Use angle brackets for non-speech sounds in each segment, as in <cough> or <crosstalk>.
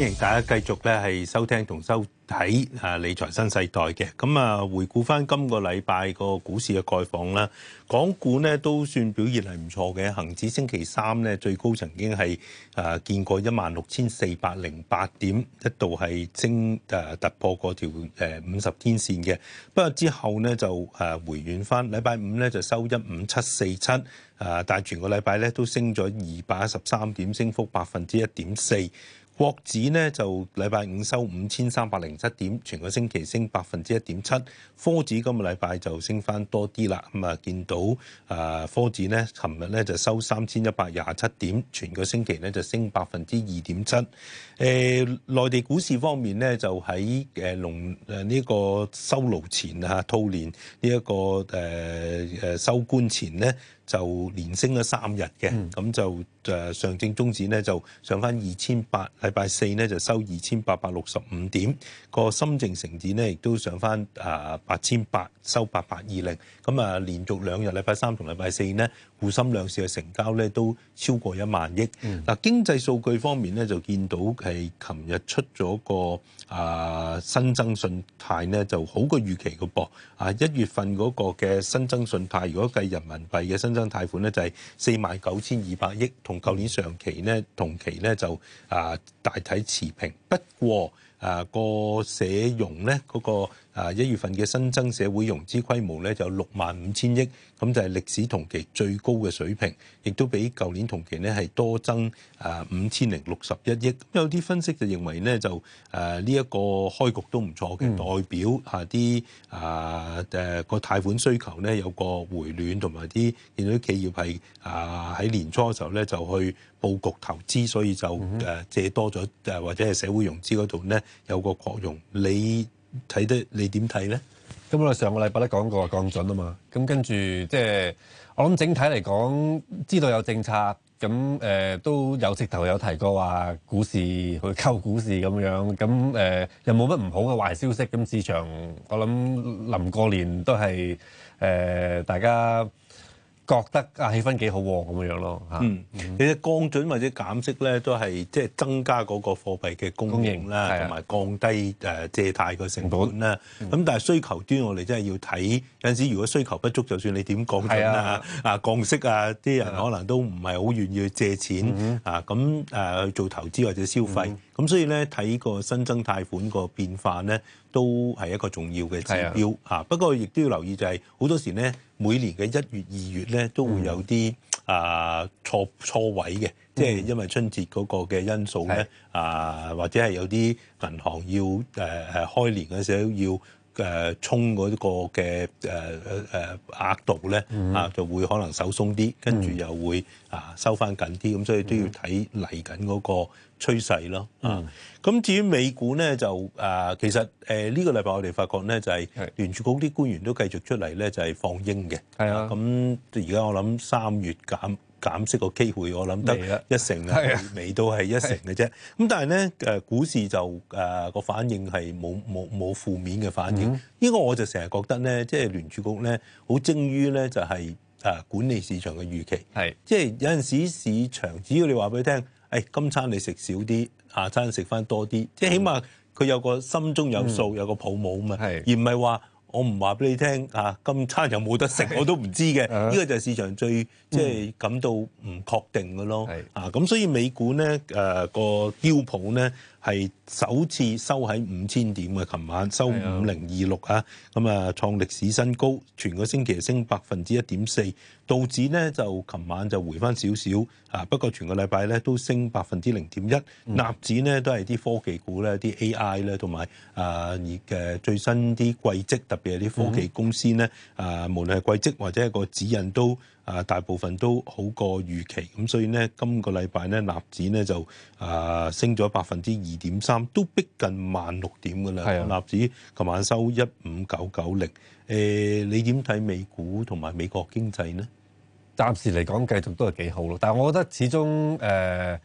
歡迎大家繼續咧，係收聽同收睇啊！理財新世代嘅咁啊，回顧翻今個禮拜個股市嘅概況啦。港股咧都算表現係唔錯嘅，恒指星期三咧最高曾經係啊見過一萬六千四百零八點，一度係升啊突破過條誒五十天線嘅。不過之後呢，就啊回軟翻，禮拜五咧就收一五七四七啊，但係全個禮拜咧都升咗二百一十三點，升幅百分之一點四。國指呢就禮拜五收五千三百零七點，全個星期升百分之一點七。科指今個禮拜就升翻多啲啦，咁、嗯、啊見到啊科指呢尋日咧就收三千一百廿七點，全個星期咧就升百分之二點七。誒內、呃、地股市方面呢，就喺誒農誒呢個收爐前啊，兔年呢一、這個誒誒、呃、收官前呢。就連升咗三日嘅，咁就誒上證綜指咧就上翻二千八，禮拜四咧就收二千八百六十五點，個深證成指咧亦都上翻誒八千八，收八八二零。咁啊連續兩日，禮拜三同禮拜四咧，滬深兩市嘅成交咧都超過一萬億。嗱經濟數據方面咧就見到係琴日出咗個誒新增信貸咧就好過預期嘅噃，啊一月份嗰個嘅新增信貸如果計人民幣嘅新增，貸款咧就係四萬九千二百億，同舊年上期咧同期咧就啊大體持平。不過啊、嗰個社融咧嗰、嗰個啊一月份嘅新增社會融資規模咧就六萬五千億。咁就係歷史同期最高嘅水平，亦都比舊年同期呢係多增啊五千零六十一億。咁、呃、有啲分析就認為呢就誒呢一個開局都唔錯嘅，嗯、代表下啲啊誒個貸款需求呢有個回暖，同埋啲見到啲企業係啊喺年初嘅時候呢就去佈局投資，所以就誒、嗯啊、借多咗，或者係社會融資嗰度呢有個擴容。你睇得你點睇呢？咁我哋上個禮拜咧講過降準啊嘛，咁跟住即係我諗整體嚟講，知道有政策，咁誒、呃、都有直頭有提過話股市去溝股市咁樣，咁誒、呃、又冇乜唔好嘅壞消息，咁市場我諗臨過年都係誒、呃、大家。覺得啊氣氛幾好喎，咁樣樣咯嚇。嗯，嗯其實降準或者減息咧，都係即係增加嗰個貨幣嘅供應啦，同埋、啊、降低誒借貸嘅成本啦。咁、嗯、但係需求端我哋真係要睇，有陣時如果需求不足，就算你點降準啊、啊降息啊，啲人可能都唔係好願意借錢啊。咁誒去做投資或者消費，咁、嗯嗯、所以咧睇個新增貸款個變化咧。都係一個重要嘅指標嚇，的不過亦都要留意就係、是、好多時咧，每年嘅一月、二月咧都會有啲啊、呃、錯錯位嘅，嗯、即係因為春節嗰個嘅因素咧啊、呃，或者係有啲銀行要誒誒、呃、開年嘅時候要。誒衝嗰個嘅誒誒壓度咧啊，就會可能手鬆啲，跟住又會啊收翻緊啲，咁所以都要睇嚟緊嗰個趨勢咯。啊，咁、嗯嗯啊、至於美股咧，就啊、呃、其實誒呢、呃這個禮拜我哋發覺咧就係聯儲局啲官員都繼續出嚟咧，就係、是、放鷹嘅。係啊的，咁而家我諗三月減。減息個機會，我諗得一成啊，係未到係一成嘅啫。咁但係咧，誒股市就誒個、呃、反應係冇冇冇負面嘅反應。呢個、mm hmm. 我就成日覺得咧，即係聯儲局咧好精於咧就係誒管理市場嘅預期。係、mm hmm. 即係有陣時市場，只要你話俾佢聽，誒、哎、今餐你食少啲，下餐食翻多啲，即係起碼佢有個心中有數，mm hmm. 有個抱母啊嘛。係、mm hmm. 而唔係話。我唔話俾你聽啊，今餐有冇得食我都唔知嘅。呢 <laughs> 個就係市場最即係感到唔確定嘅咯。 <noise> 啊，咁所以美股呢誒、呃、個標普呢係首次收喺五千點嘅，琴晚收五零二六啊，咁啊創歷史新高。全個星期升百分之一點四，道指呢就琴晚就回翻少少啊，不過全個禮拜呢都升百分之零點一。 <noise> 納指呢都係啲科技股呢，啲 AI 呢同埋啊嘅最新啲季績特。譬如啲科技公司咧，啊、嗯呃，無論係季績或者係個指引，都、呃、啊大部分都好過預期，咁所以咧，今個禮拜咧納指咧就啊升咗百分之二點三，都逼近萬六點㗎喇。係啊。納指琴、呃啊、晚收一五九九零，誒，你點睇美股同埋美國經濟呢？暫時嚟講繼續都係幾好咯，但係我覺得始終誒。呃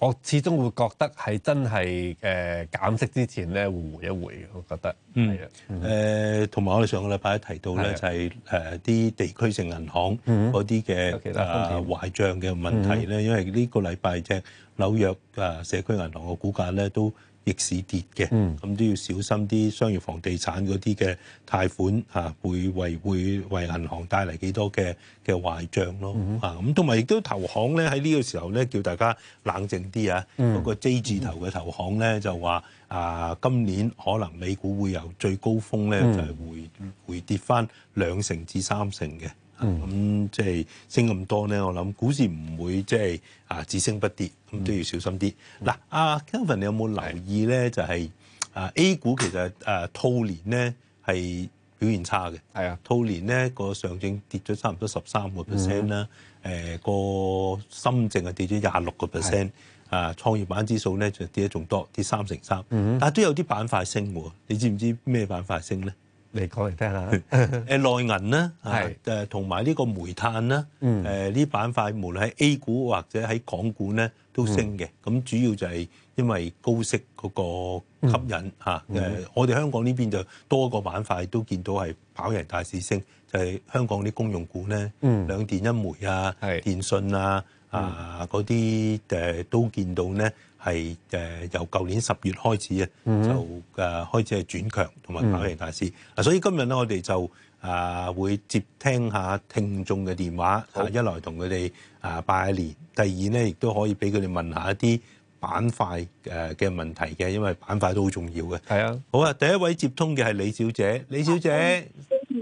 我始終會覺得係真係誒、呃、減息之前咧會回一回嘅，我覺得。嗯，誒同埋我哋上個禮拜提到咧的就係誒啲地區性銀行嗰啲嘅誒壞帳嘅問題咧，因為呢個禮拜隻紐約誒、呃、社區銀行嘅股價咧都，逆市跌嘅，咁都、嗯、要小心啲商業房地產嗰啲嘅貸款嚇、啊，會為會為銀行帶嚟幾多嘅嘅壞帳咯嚇，咁同埋亦都投行咧喺呢個時候咧叫大家冷靜啲啊，嗰、嗯、個 J 字頭嘅投行咧就話啊今年可能美股會由最高峰咧、嗯、就係回、嗯、回跌返兩成至三成嘅。咁即係升咁多咧，我諗股市唔會即係、就是、啊只升不跌，咁都要小心啲。嗱，阿 Kevin 你有冇留意咧？就係啊 A 股其實誒兔年咧係表現差嘅。係啊，兔年咧個上證跌咗差唔多十三個 percent 啦。誒個深證係跌咗廿六個 percent。係啊。啊，創業板指數咧就跌得仲多，跌三成三。嗯嗯、但係都有啲板塊升喎，你知唔知咩板塊升咧？嚟講嚟聽下啦，誒內銀咧，係誒同埋呢個煤炭咧，誒呢板塊無論喺 A 股或者喺港股咧都升嘅。咁主要就係因為高息嗰個吸引嚇，誒我哋香港呢邊就多個板塊都見到係跑贏大市升，就係香港啲公用股咧，兩電一煤啊，電信啊，啊嗰啲誒都見到咧。係誒由舊年十月開始啊，就誒開始係轉強同埋跑贏大市。嗱，所以今日咧，我哋就啊會接聽下聽眾嘅電話，一來同佢哋啊拜年，第二咧亦都可以俾佢哋問下一啲板塊誒嘅問題嘅，因為板塊都好重要嘅。係啊，好啊，第一位接通嘅係李小姐，李小姐，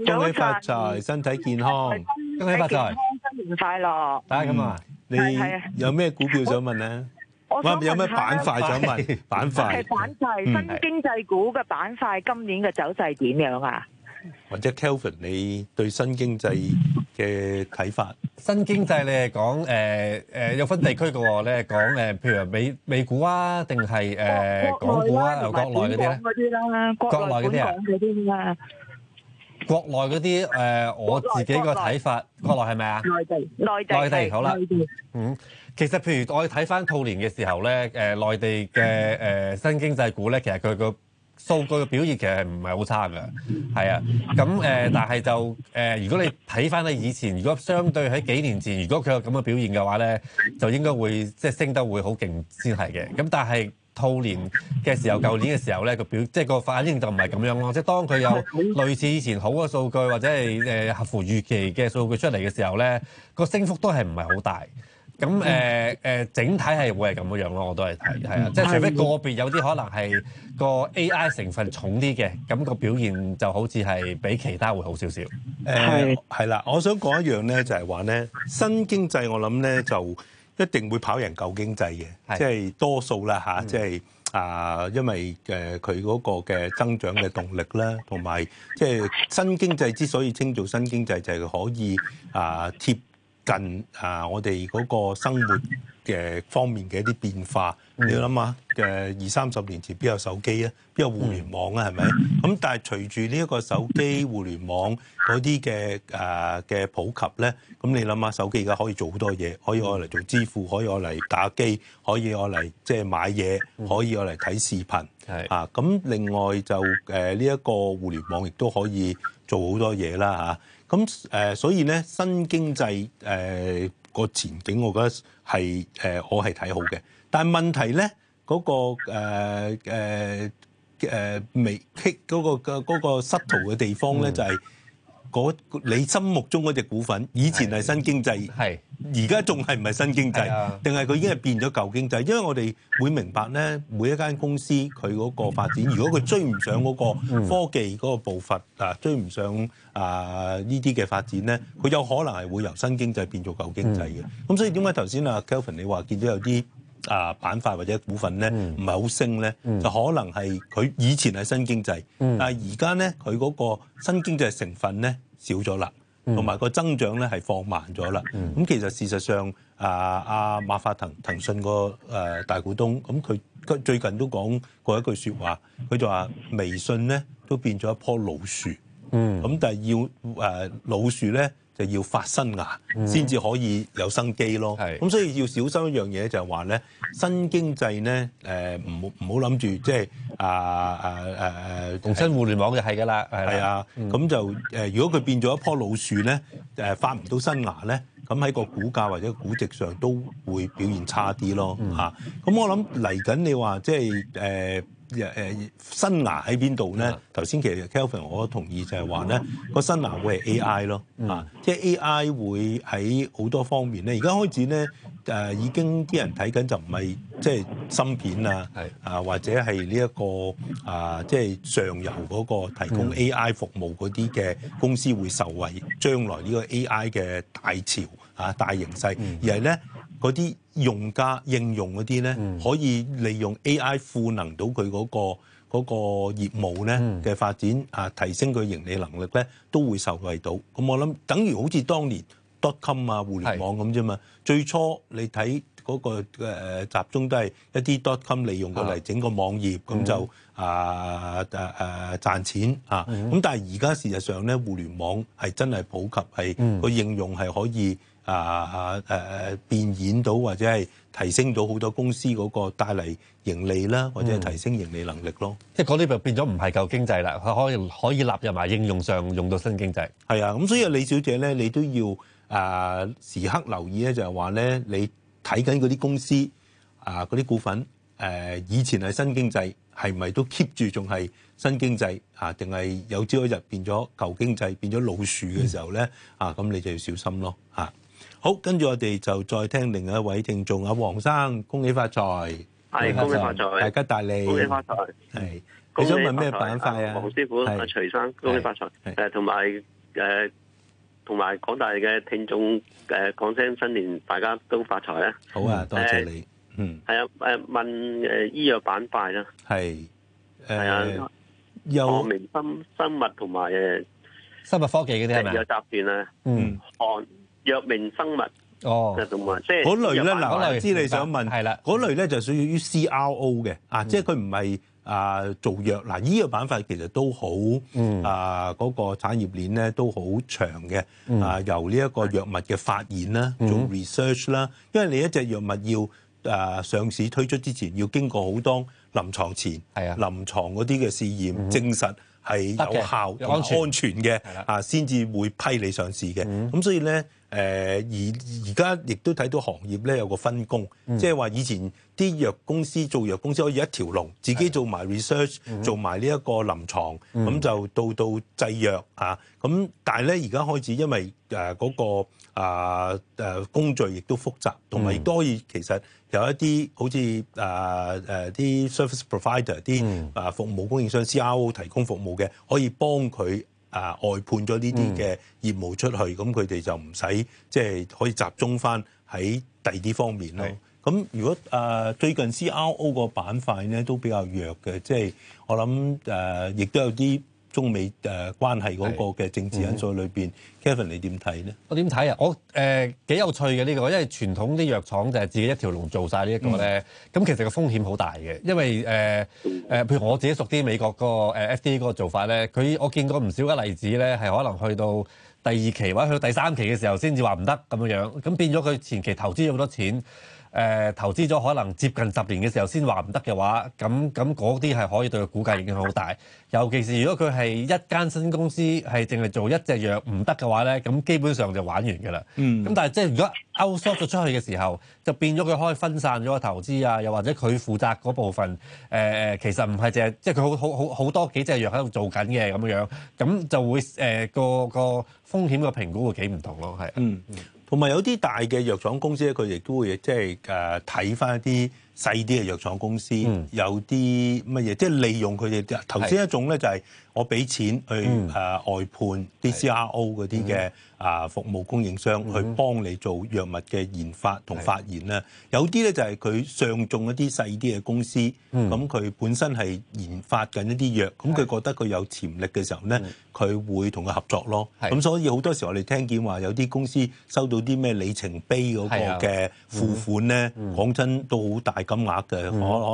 恭喜發財，身體健康，恭喜發財，新年快樂。大家咁話啊，你有咩股票想問咧？我有冇咩板塊想問？板塊係板塊，新經濟股嘅板塊今年嘅走勢點樣啊？或者 Kelvin，你對新經濟嘅睇法？新經濟你係講誒誒有分地區嘅喎，你係講誒譬如美美股啊，定係誒港股啊，又國內嗰啲咧？國內嗰啲啊？國內嗰啲誒，呃、內我自己個睇法，國內係咪啊？內地內地好啦，內地嗯，其實譬如我哋睇翻兔年嘅時候咧，誒、呃、內地嘅誒、呃、新經濟股咧，其實佢個數據嘅表現其實唔係好差㗎，係啊，咁、嗯、誒、呃，但係就誒、呃，如果你睇翻你以前，如果相對喺幾年前，如果佢有咁嘅表現嘅話咧，就應該會即係升得會好勁先係嘅，咁但係。去年嘅時候、舊年嘅時候咧，個表即係個反應就唔係咁樣咯。即係當佢有類似以前好嘅數據或者係誒、呃、合乎預期嘅數據出嚟嘅時候咧，個升幅都係唔係好大。咁誒誒，整體係會係咁嘅樣咯。我都係睇，係啊，即係除非個別有啲可能係個 AI 成分重啲嘅，咁、那個表現就好似係比其他會好少少。係係是、呃、啦，我想講一樣咧，就係話咧，新經濟我諗咧就。一定會跑贏舊經濟嘅，即係的多數啦嚇，即係的啊，因為誒佢嗰個嘅增長嘅動力啦，同埋即係新經濟之所以稱做新經濟，就係可以啊貼近啊我哋嗰個生活。嘅方面嘅一啲變化，你要諗下誒二三十年前邊有手機啊？邊有互聯網啊？係咪？咁但係隨住呢一個手機互聯網嗰啲嘅誒嘅普及咧，咁你諗下手機而家可以做好多嘢，可以攞嚟做支付，可以攞嚟打機，可以攞嚟即係買嘢，可以攞嚟睇視頻，係是的 啊。咁另外就誒呢一個互聯網亦都可以做好多嘢啦吓，咁、啊、誒、呃、所以咧新經濟誒。呃個前景我覺得係誒、呃，我係睇好嘅。但係問題咧，嗰、那個誒誒未棘，i 嗰個嘅嗰、那個失圖嘅地方咧，嗯、就係、是。你心目中嗰隻股份，以前係新經濟，係而家仲係唔係新經濟？定係佢已經係變咗舊經濟？因為我哋會明白咧，每一間公司佢嗰個發展，如果佢追唔上嗰個科技嗰個步伐，啊，追唔上啊呢啲嘅發展咧，佢有可能係會由新經濟變做舊經濟嘅。咁、嗯、所以點解頭先啊 Kelvin 你話見到有啲啊板塊或者股份咧唔係好升咧，就可能係佢以前係新經濟，但係而家咧佢嗰個新經濟成分咧，少咗啦，同埋、嗯、個增長咧係放慢咗啦。咁、嗯、其實事實上，啊阿、啊、馬化騰騰訊、個誒、呃、大股東，咁佢佢最近都講過一句説話，佢就話微信咧都變咗一樖老樹。嗯，咁、嗯、但係要誒、呃、老樹咧。就要發新芽，先至可以有生機咯。咁是所以要小心一樣嘢，就係話咧，新經濟咧誒，唔好唔好諗住即係啊啊啊同新互聯網就係㗎啦，係啊，咁就誒、呃，如果佢變咗一棵老樹咧，誒、呃、發唔到新芽咧，咁喺個股價或者估值上都會表現差啲咯嚇。咁、嗯啊、我諗嚟緊你話即係誒。呃誒誒，新芽喺邊度咧？頭先 Yeah. 其實 Kelvin，我同意就係話咧，呢個 Yeah. 新芽會係 AI 咯，啊，Yeah. 即係 AI 會喺好多方面咧。而家開展咧，誒、呃、已經啲人睇緊就唔係即係芯片啊，啊 Yeah. 或者係呢一個啊，即、呃、係、就是、上游嗰個提供 AI 服務嗰啲嘅公司會受惠，將來呢個 AI 嘅大潮啊，大形勢 Yeah. 而係咧。嗰啲用家應用嗰啲咧，嗯、可以利用 AI 賦能到佢嗰、嗰個嗰、嗰個業務咧嘅發展啊，嗯、提升佢盈利能力咧，都會受惠到。咁我諗等於好似當年 dotcom 啊是，互聯網咁啫嘛。是最初你睇嗰、嗰個誒集中都係一啲 dotcom 利用過嚟整個網頁，咁是、嗯、就啊誒誒賺錢啊。咁、嗯、但係而家事實上咧，互聯網係真係普及，係個應用係可以。啊誒誒變現到或者係提升到好多公司嗰個帶嚟盈利啦，或者提升盈利能力咯。嗯、即係嗰啲就變咗唔係舊經濟啦，佢可以可以納入埋應用上用到新經濟。係啊，咁所以李小姐咧，你都要誒、呃、時刻留意咧，就係話咧，你睇緊嗰啲公司啊嗰啲股份誒、呃、以前係新經濟，係咪都 keep 住仲係新經濟啊？定係有朝一日變咗舊經濟，變咗老鼠嘅時候咧、嗯、啊？咁、啊、你就要小心咯嚇。好，跟住我哋就再聽另一位聽眾阿黃生，恭喜發財，係恭喜發財，大吉大利，恭喜發財，係。你想問咩板塊啊？黃師傅阿徐生，恭喜發財，誒，同埋誒，同埋廣大嘅聽眾，誒，講聲新年大家都發財啊！好啊，多謝你，嗯，係啊，誒，問誒醫藥板塊啦，係，係啊，藥明生物同埋誒生物科技嗰啲係咪？有雜變啊，嗯，漢。藥明生物哦，動物即係嗰類咧嗱，我知你想問係啦，嗰類咧就屬於於 CRO 嘅啊，即係佢唔係啊做藥嗱，依個板塊其實都好啊，嗰個產業鏈咧都好長嘅啊，由呢一個藥物嘅發現啦，做 research 啦，因為你一隻藥物要啊上市推出之前，要經過好多臨床前係啊臨床嗰啲嘅試驗證實係有效同安全嘅啊，先至會批你上市嘅，咁所以咧。誒、呃、而而家亦都睇到行業咧有個分工，即係話以前啲藥公司做藥公司可以一條龍自己做埋 research，、嗯、做埋呢一個臨床，咁、嗯、就到到製藥啊。咁但係咧而家開始因為誒嗰、呃那個啊誒、呃、工序亦都複雜同埋亦都可以其實有一啲好似誒誒啲 service provider 啲啊服務供應商 CRO 提供服務嘅，可以幫佢。啊，外判咗呢啲嘅業務出去，咁佢哋就唔使即係可以集中翻喺第二啲方面咯。咁是如果啊、呃、最近 CRO 個板塊咧都比較弱嘅，即、就、係、是、我諗誒、呃、亦都有啲。中美誒關係嗰個嘅政治因素裏邊，Kevin 你點睇咧？我點睇啊？我誒幾有趣嘅呢、呢個，因為傳統啲藥廠就係自己一條龍做晒呢一個咧。咁、嗯、其實個風險好大嘅，因為誒誒，譬、呃呃、如我自己熟啲美國、嗰個誒、呃、FDA 嗰個做法咧，佢我見過唔少嘅例子咧，係可能去到第二期或者去到第三期嘅時候先至話唔得咁樣樣。咁變咗佢前期投資咗好多錢。誒、呃、投資咗可能接近十年嘅時候，先話唔得嘅話，咁咁嗰啲係可以對個估計影響好大。尤其是如果佢係一間新公司，係淨係做一隻藥唔得嘅話咧，咁基本上就玩完㗎喇。嗯。咁但係即係如果 Outsource 咗出去嘅時候，就變咗佢可以分散咗個投資啊，又或者佢負責嗰部分誒誒、呃，其實唔係淨係即係佢好好好好多幾隻藥喺度做緊嘅咁樣，咁就會誒、呃、個個風險個評估會幾唔同咯，係。嗯。同埋有啲大嘅藥廠公司咧，佢亦都會即係誒睇翻一啲細啲嘅藥廠公司，有啲乜嘢，即係利用佢哋頭先一種咧，是就係、是。我俾錢去誒外判啲 CRO 嗰啲嘅啊服務供應商去幫你做藥物嘅研發同發現咧，有啲咧就係佢上中一啲細啲嘅公司，咁佢本身係研發緊一啲藥，咁佢覺得佢有潛力嘅時候咧，佢會同佢合作咯。咁所以好多時我哋聽見話有啲公司收到啲咩里程碑嗰個嘅付款咧，講真都好大金額嘅，可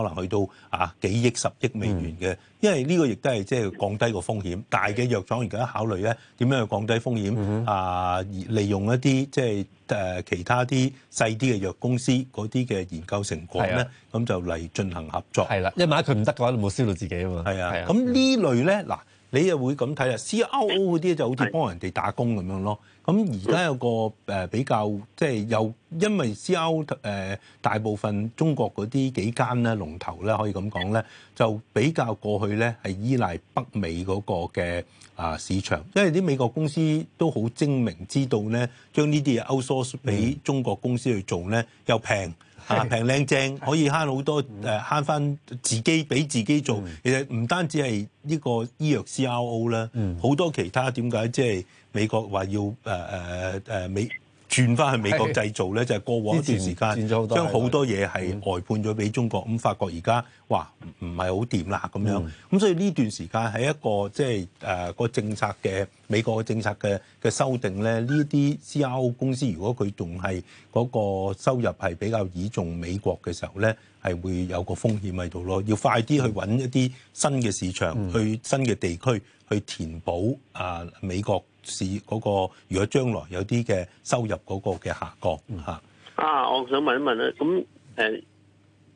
可能去到啊幾億十億美元嘅，因為呢個亦都係即係降低。個風險大嘅藥廠而家考慮咧，點樣去降低風險？啊、mm hmm. 呃，利用一啲即係誒、呃、其他啲細啲嘅藥公司嗰啲嘅研究成果咧，咁、mm hmm. 就嚟進行合作。係啦，一萬一佢唔得嘅話，你冇燒到自己啊嘛。係啊的，咁的呢類咧嗱。Mm hmm. 你又會咁睇啦，CRO 嗰啲就好似幫人哋打工咁樣咯。咁而家有個誒比較，即係又因為 CRO 誒、呃、大部分中國嗰啲幾間咧，龍頭咧，可以咁講咧，就比較過去咧係依賴北美嗰個嘅啊市場，因為啲美國公司都好精明，知道咧將呢啲嘢 outsource 俾中國公司去做咧，又平。啊！平靚正，可以慳好多，誒慳翻自己俾自己做。其實唔單止係呢個醫藥 CRO 啦，好多其他點解即係美國話要誒誒誒美。轉翻去美國製造咧，的就係過往一段時間，前將好多嘢係外判咗俾中國，咁、嗯、發覺而家哇唔係好掂啦咁樣。咁、嗯、所以呢段時間係一個即係誒個政策嘅美國嘅政策嘅嘅修訂咧，呢啲 CRO 公司如果佢仲係嗰個收入係比較倚重美國嘅時候咧，係會有個風險喺度咯。要快啲去揾一啲新嘅市場，嗯、去新嘅地區去填補啊、呃、美國。市嗰如果將來有啲嘅收入嗰個嘅下降嚇，啊，我想問一問咧，咁誒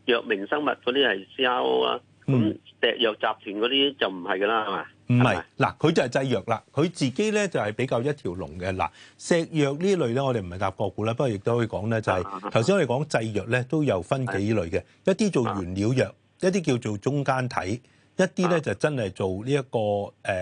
藥明生物嗰啲係 CRO 啊，咁石藥集團嗰啲就唔係㗎啦，係咪是？唔係吧，嗱，佢就係製藥啦，佢自己咧就係比較一條龍嘅。嗱，石藥呢類咧，我哋唔係搭國股啦，不過亦都可以講咧、就係，就係頭先我哋講製藥咧，都有分幾類嘅，啊啊、一啲做原料藥，一啲叫做中間體。一啲咧就真係做呢一個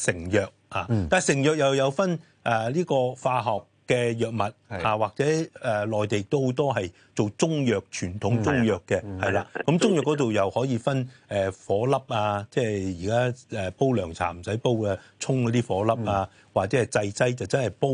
誒成藥啊，但係成藥又有分誒呢個化學嘅藥物啊，或者誒內地都好多係做中藥傳統中藥嘅，係啦。咁中藥嗰度又可以分誒火粒啊，即係而家誒煲涼茶唔使煲嘅，沖嗰啲火粒啊，或者係製劑就真係煲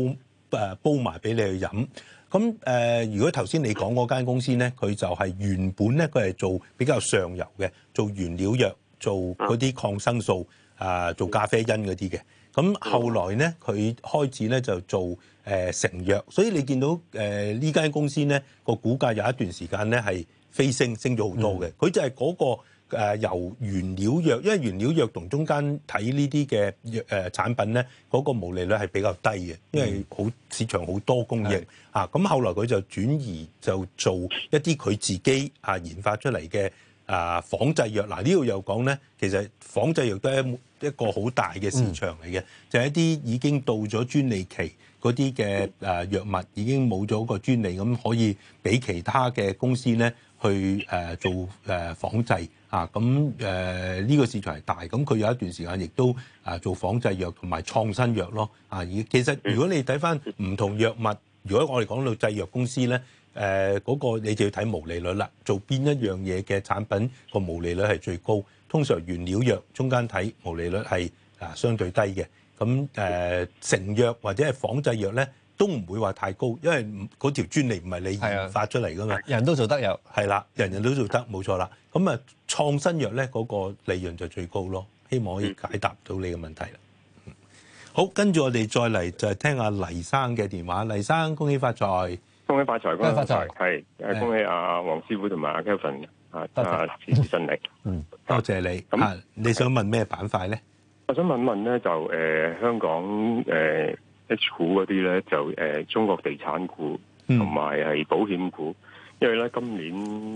誒煲埋俾你去飲。咁誒，如果頭先你講嗰間公司咧，佢就係原本咧佢係做比較上游嘅，做原料藥。做嗰啲抗生素啊，做咖啡因嗰啲嘅，咁、啊、後來呢，佢開始呢就做誒、呃、成藥。所以你見到誒呢間公司呢個股價有一段時間呢係飛升，升咗好多嘅。佢、嗯、就係嗰、嗰個誒、呃、由原料藥，因為原料藥同中間睇呢啲嘅藥誒產品呢嗰、嗰個毛利率係比較低嘅，因為好市場好多供應嚇。咁、嗯啊、後來佢就轉移就做一啲佢自己啊研發出嚟嘅。啊，仿製藥嗱、啊、呢度又講咧，其實仿製藥都係一個好大嘅市場嚟嘅，嗯、就係一啲已經到咗專利期嗰啲嘅誒藥物已經冇咗個專利，咁可以俾其他嘅公司咧去誒、呃、做誒、呃、仿製啊，咁誒呢個市場係大，咁佢有一段時間亦都啊做仿製藥同埋創新藥咯啊，而其實如果你睇翻唔同藥物，如果我哋講到製藥公司咧。誒嗰個你就要睇毛利率啦，做邊一樣嘢嘅產品個毛利率係最高。通常原料藥中間睇毛利率係啊相對低嘅。咁誒成藥或者係仿製藥咧都唔會話太高，因為嗰條專利唔係你發出嚟噶嘛。人都做得有，係啦，人人都做得冇錯啦。咁啊創新藥咧嗰個利潤就最高咯。希望可以解答到你嘅問題啦。好，跟住我哋再嚟就係聽下黎生嘅電話。黎生，恭喜發財！恭喜發財！恭喜發財！係，誒，恭喜阿、啊、黃師傅同埋阿 Kevin 啊，啊，事事順利。 <laughs> 嗯，多謝你。咁、啊嗯、你想問咩板塊咧？我想問問咧，就誒、呃、香港誒、呃、H 股嗰啲咧，就誒、呃、中國地產股同埋係保險股，因為咧今年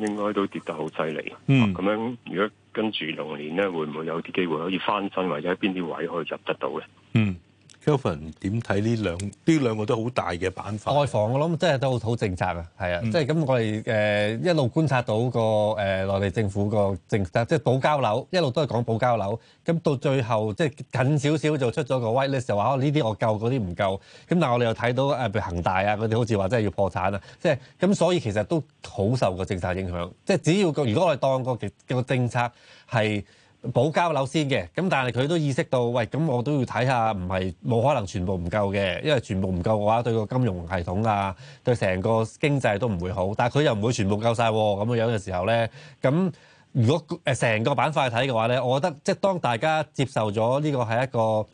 應該都跌得好犀利。嗯，咁、啊、樣如果跟住龍年咧，會唔會有啲機會可以翻身，或者喺邊啲位可以入得到咧？嗯。Kevin 點睇呢兩？呢兩個都好大嘅板塊。外房我諗真係都好政策啊，係啊、嗯，即係咁我哋誒、呃、一路觀察到個誒內地政府個政策，即係保交樓一路都係講保交樓，咁到最後即係近少少就出咗個 white list 話哦呢啲我救嗰啲唔救。咁但嗱我哋又睇到誒譬如恒大啊嗰啲好似話真係要破產啊，即係咁所以其實都好受個政策影響。即係只要個如果我哋當個嘅個政策係。保交樓先嘅，咁但係佢都意識到，喂，咁我都要睇下，唔係冇可能全部唔夠嘅，因為全部唔夠嘅話，對個金融系統啊，對成個經濟都唔會好。但係佢又唔會全部夠曬，咁樣嘅時候呢？咁。如果誒成個板塊睇嘅話咧，我覺得即係當大家接受咗呢個係一個誒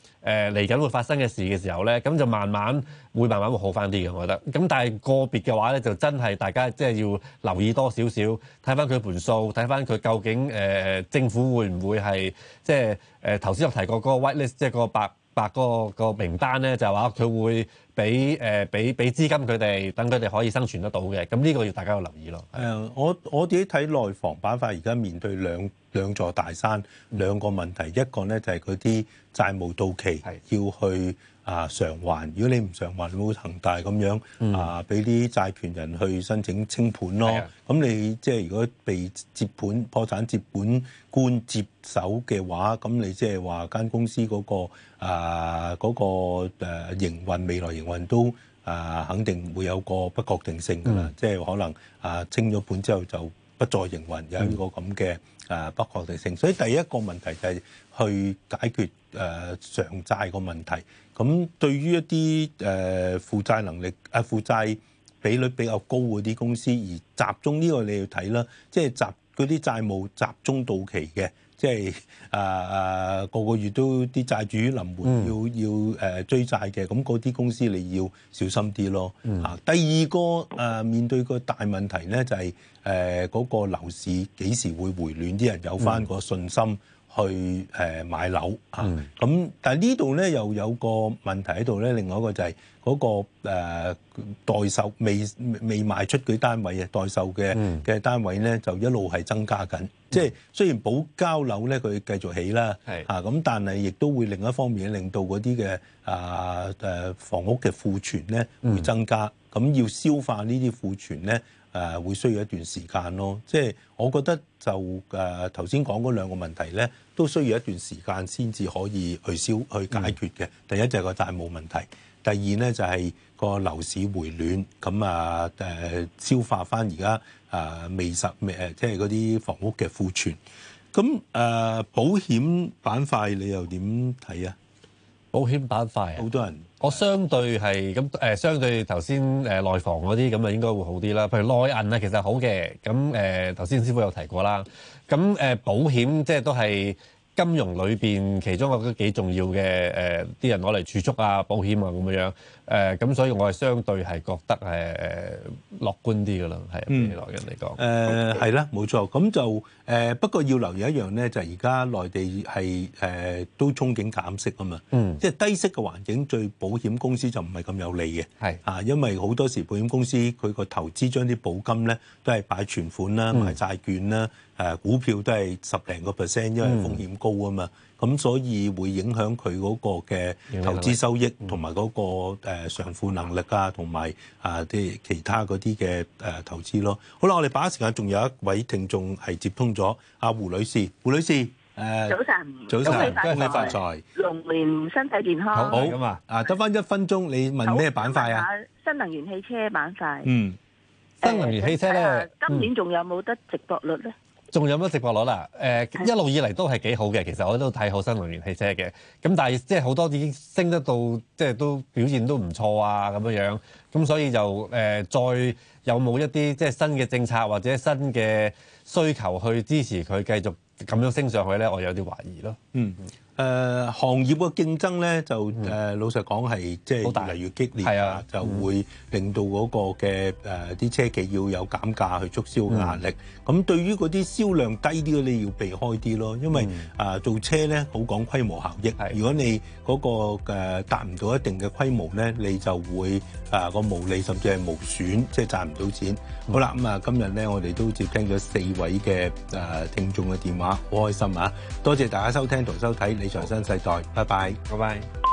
嚟緊會發生嘅事嘅時候咧，咁就慢慢會慢慢會好翻啲嘅，我覺得。咁但係個別嘅話咧，就真係大家即係要留意多少少，睇翻佢盤數，睇翻佢究竟誒、呃、政府會唔會係即係誒頭先我提過嗰個 whitelist，即係個白白個、個名單咧，就係話佢會。俾誒俾俾資金佢哋，等佢哋可以生存得到嘅。咁、這、呢個要大家要留意咯。誒、呃，我我自己睇內房板塊，而家面對兩兩座大山，兩個問題，一個咧就係嗰啲債務到期的要去。啊償還如果你唔償還，會恒大咁樣、嗯、啊，俾啲債權人去申請清盤咯。咁、嗯、你即係如果被接盤破產接盤官接手嘅話，咁你即係話間公司嗰個啊嗰個誒營運未來營運都啊肯定會有個不確定性噶啦。嗯、即係可能啊清咗盤之後就。再營運有一個咁嘅誒不確定性，所以第一個問題就係去解決誒償債個問題，咁對於一啲誒負債能力誒負債比率比較高嗰啲公司，而集中呢個你要睇啦，即係集嗰啲債務集中到期嘅。即係啊啊，個個月都啲債主臨門要、嗯、要誒、呃、追債嘅，咁嗰啲公司你要小心啲咯。嗯、啊，第二個誒、啊、面對個大問題咧，就係誒嗰個樓市幾時會回暖，啲人有翻個信心。嗯。去誒、呃、買樓啊，咁但係呢度咧又有個問題喺度咧，另外一個就係嗰、嗰個、呃、待售未未，未賣出佢單位嘅待售嘅嘅、嗯、單位咧就一路係增加緊。嗯、即係雖然保交樓咧佢繼續起啦，係啊咁，但係亦都會另一方面令到嗰啲嘅啊誒、啊、房屋嘅庫存咧會增加，咁、嗯嗯、要消化呢啲庫存咧。誒、啊、會需要一段時間咯，即係我覺得就誒頭先講嗰兩個問題咧，都需要一段時間先至可以去消去解決嘅。嗯、第一就係個債務問題，第二咧就係個樓市回暖，咁啊誒、啊、消化翻而家誒未實誒、啊、即係嗰啲房屋嘅庫存。咁誒、啊、保險板塊你又點睇啊？保險板塊，好多人。我相對係咁誒，相對頭先誒內房嗰啲咁啊，應該會好啲啦。譬如內銀啊，其實好嘅。咁誒，呃、頭先師傅有提過啦。咁誒、呃，保險即係都係金融裏邊其中一個幾重要嘅誒，呃、啲人攞嚟儲蓄啊、保險啊咁樣。誒咁，所以我係相對係覺得誒樂觀啲噶啦，係未來人嚟講。誒係啦，冇錯。咁就誒不過要留意一樣咧，就係而家內地係誒都憧憬減息啊嘛。嗯。即係低息嘅環境，對保險公司就唔係咁有利嘅。係。啊，因為好多時保險公司佢個投資將啲保金咧，都係擺存款啦、埋債券啦、誒股票都係十零個 percent，因為風險高啊嘛。咁所以會影響佢嗰個嘅投資收益，同埋嗰個誒償付能力啊，同埋即係其他嗰啲嘅誒投資咯。好啦，我哋把握時間，仲有一位聽眾係接通咗，阿胡女士，胡女士，早晨，早晨，恭喜發財，龍年身體健康。好啊，啊得翻一分鐘，你問咩板塊啊？新能源汽車板塊。嗯，新能源汽車咧，今年仲有冇得值博率咧？仲有乜值博率啦？誒、呃、一路以嚟都係幾好嘅，其實我都睇好新能源汽車嘅。咁但係即係好多已經升得到，即係都表現都唔錯啊咁樣樣。咁所以就誒、呃、再有冇一啲即係新嘅政策或者新嘅需求去支持佢繼續咁樣升上去咧，我有啲懷疑咯。嗯。誒、uh, 行業嘅競爭咧，就誒、嗯、老實講係即係越嚟越激烈，啊、嗯，就會令到嗰個嘅誒啲車企要有減價去促銷嘅壓力。咁、嗯、對於嗰啲銷量低啲嘅你要避開啲咯，因為啊、呃、做車咧好講規模效益，嗯、如果你嗰、那個誒、呃、達唔到一定嘅規模咧，你就會誒個、呃、無利甚至係無損，即係賺唔到錢、嗯、好啦，咁、嗯、啊今日咧我哋都接聽咗四位嘅誒聽眾嘅電話好開心啊！多謝大家收聽同收睇。理財新世代，拜拜，拜拜。